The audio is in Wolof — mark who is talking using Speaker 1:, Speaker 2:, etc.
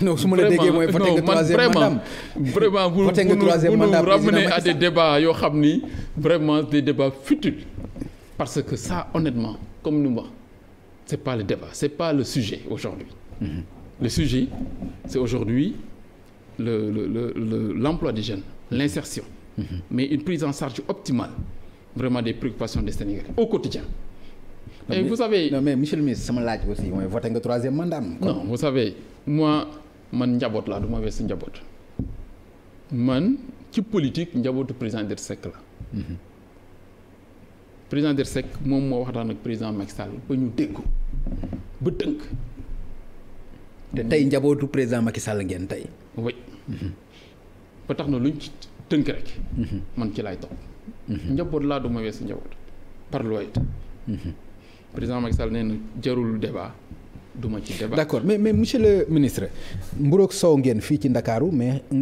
Speaker 1: non su ma la déggee mooy voté nga troisième mandat vous nous ramenez à des débats yoo xam ni vraiment des débats futiles parce que ça honnêtement comme ni mu wax c'est pas le débat c'est pas le sujet aujourd'hui mm-hmm. le sujet c'est aujourd'hui le le le l'emploi des jeunes l'insertion mm-hmm. mais une prise en charge optimale vraiment des préoccupations des Sénégalais au quotidien et sama laaj aussi vous savez moi man njaboot laa du ma weesu njaboot man ci politique njabootu président Idrissa Seck la. Mhm. président Idrissa Seck moom moo waxtaan ak président Macky Sall ba ñu dégg ba tënk. te tey njabootu président Macky Sall ngeen tey. oui mhm. ba tax na luñ ci tënk rek. Mhm. man ci laay topp. njaboot laa du ma weesu njaboot par looy président Macky Sall nee na jarul débat. duma ci débat d'accord mais mais monsieur le ministre mburoog soow ngeen fii ci Ndakaaru mais